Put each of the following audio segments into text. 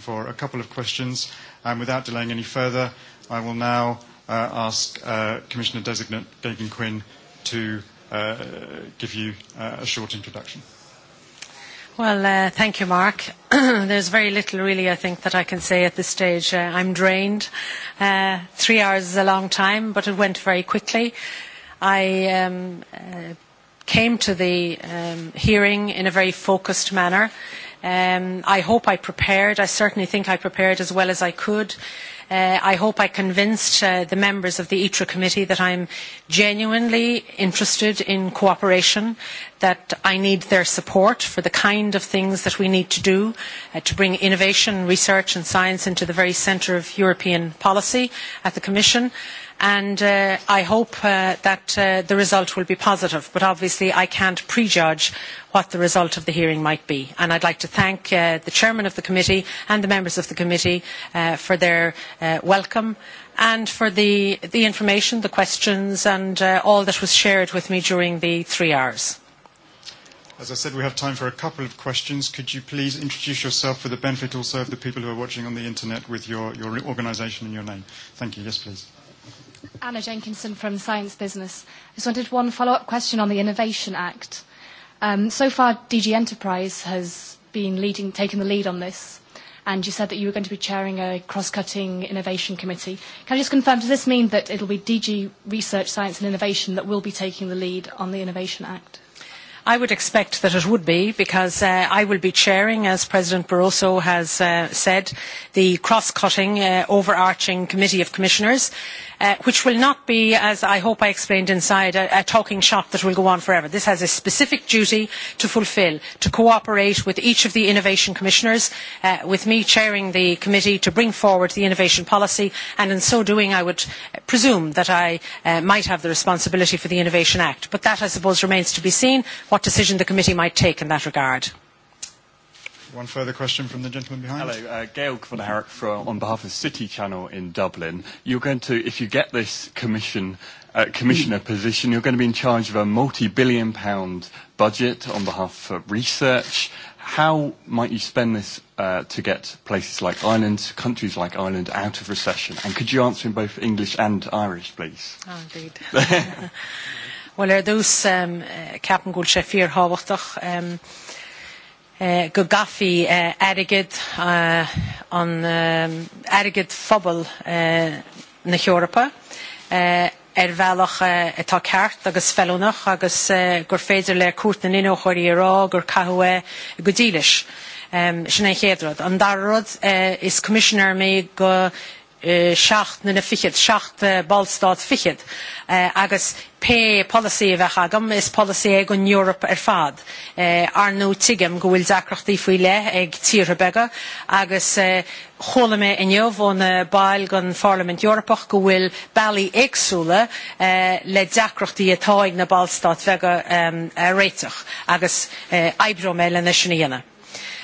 for a couple of questions. And without delaying any further, I will now ask Commissioner Designate Gagan Quinn to give you a short introduction. Well, thank you, Mark. There's very little, really, I think, that I can say at this stage. I'm drained. Three hours is a long time, but it went very quickly. I came to the hearing in a very focused manner. I hope I prepared. I certainly think I prepared as well as I could. I hope I convinced the members of the ITRA committee that I am genuinely interested in cooperation, that I need their support for the kind of things that we need to do to bring innovation, research and science into the very centre of European policy at the Commission and I hope that the result will be positive. But obviously I can't prejudge what the result of the hearing might be. And I'd like to thank the chairman of the committee and the members of the committee for their welcome and for the information, the questions and all that was shared with me during the three hours. As I said, we have time for a couple of questions. Could you please introduce yourself for the benefit also of the people who are watching on the internet with your organisation and your name? Thank you. Yes, please. Anna Jenkinson from Science Business. I just wanted one follow-up question on the Innovation Act. So far, DG Enterprise has been leading, taking the lead on this, and you said that you were going to be chairing a cross-cutting innovation committee. Can I just confirm, does this mean that it'll be DG Research, Science and Innovation that will be taking the lead on the Innovation Act? I would expect that it would be because I will be chairing, as President Barroso has said, the cross-cutting, overarching committee of commissioners, which will not be, as I hope I explained inside, a talking shop that will go on forever. This has a specific duty to fulfil, to cooperate with each of the innovation commissioners, with me chairing the committee to bring forward the innovation policy, and in so doing I would presume that I might have the responsibility for the Innovation Act. But that, I suppose, remains to be seen what decision the committee might take in that regard. One further question from the gentleman behind. Hello, uh, Gail von on behalf of City Channel in Dublin. You're going to, if you get this commission, commissioner position, you're going to be in charge of a multi-billion pound budget on behalf of research. How might you spend this to get places like Ireland, countries like Ireland, out of recession? And could you answer in both English and Irish, please? Oh, indeed. Well, er dús ceapan gúil sé fír uh, go gafií aigid an aigid fphobal na Heorpa ar bhealach atá ceart agus fellúnach agus gur féidir le cuat na inó choirí rá gur Gudilish, go dílis sin é chéadrad. An darrod is commissioner mé go seacht na na fichiid seach ballstad fichiid agus pe policy a bheith agam is policy ag an Europe ar fad. Ar nó tigam go bhfuil dacrochtaí faoi le ag tíre bega agus chola mé inniu bhna bail gan Parliament Europe go bhfuil bailí éagsúla le atá ag na ballstad bega réiteach agus eibro mé le na sinna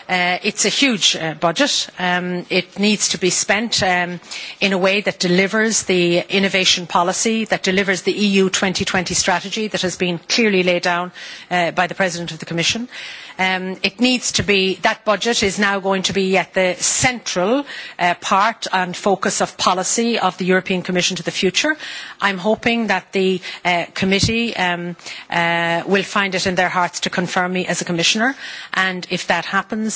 It's a huge budget. It needs to be spent in a way that delivers the innovation policy, that delivers the EU 2020 strategy that has been clearly laid down by the President of the Commission. that budget is now going to be at the central part and focus of policy of the European Commission to the future. I'm hoping that the committee will find it in their hearts to confirm me as a commissioner and if that happens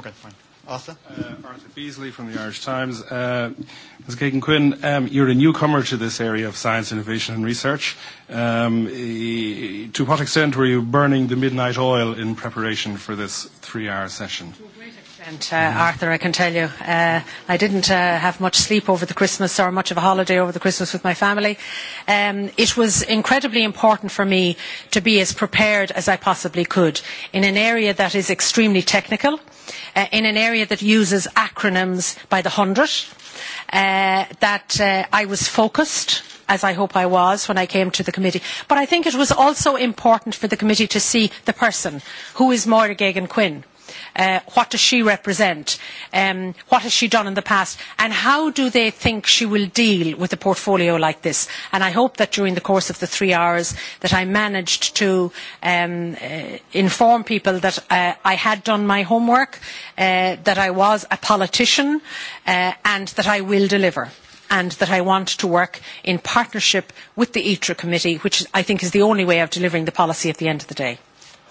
Okay, fine. Arthur? Arthur Beasley from the Irish Times. Ms. Kagan Quinn, you're a newcomer to this area of science, innovation and research. To what extent were you burning the midnight oil in preparation for this three-hour session? extent, Arthur, I can tell you. I didn't have much sleep over the Christmas or much of a holiday over the Christmas with my family. It was incredibly important for me to be as prepared as I possibly could in an area that is extremely technical in an area that uses acronyms by the hundred, that I was focused, as I hope I was when I came to the committee. But I think it was also important for the committee to see the person, who is Moira Gagan Quinn What does she represent? What has she done in the past? And how do they think she will deal with a portfolio like this? And I hope that during the course of the three hours that I managed to inform people that I had done my homework, that I was a politician, and that I will deliver and that I want to work in partnership with the ITRA committee, which I think is the only way of delivering the policy at the end of the day.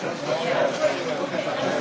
Σα ευχαριστώ